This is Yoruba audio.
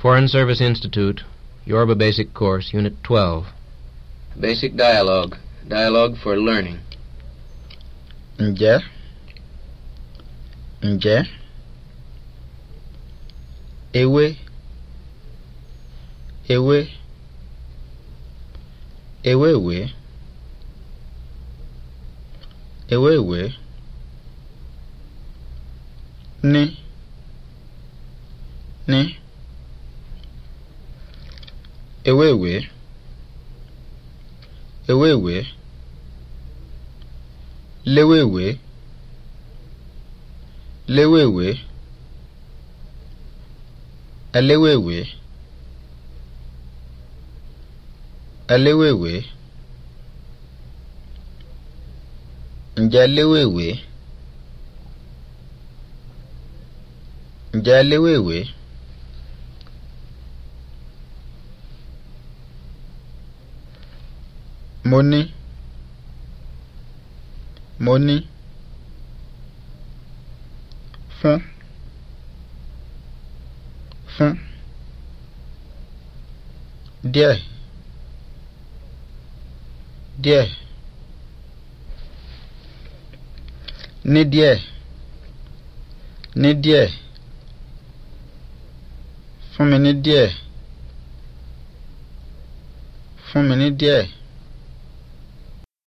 Foreign Service Institute, Yoruba Basic Course, Unit 12. Basic Dialogue. Dialogue for Learning. Ǹjẹ́? Ǹjẹ́? Ewé. Ewé. Ewé ewe, Ewé ìwé. ne, ne. ewéèwé ewéèwé léwéèwé léwéèwé ẹléwéèwé ẹléwéèwé ǹjẹ́ léwéèwé ǹjẹ́ léwéèwé. mo ní mo ní fún fún díẹ̀ díẹ̀ ní díẹ̀ ní díẹ̀ fún mi ní díẹ̀ fún mi ní díẹ̀.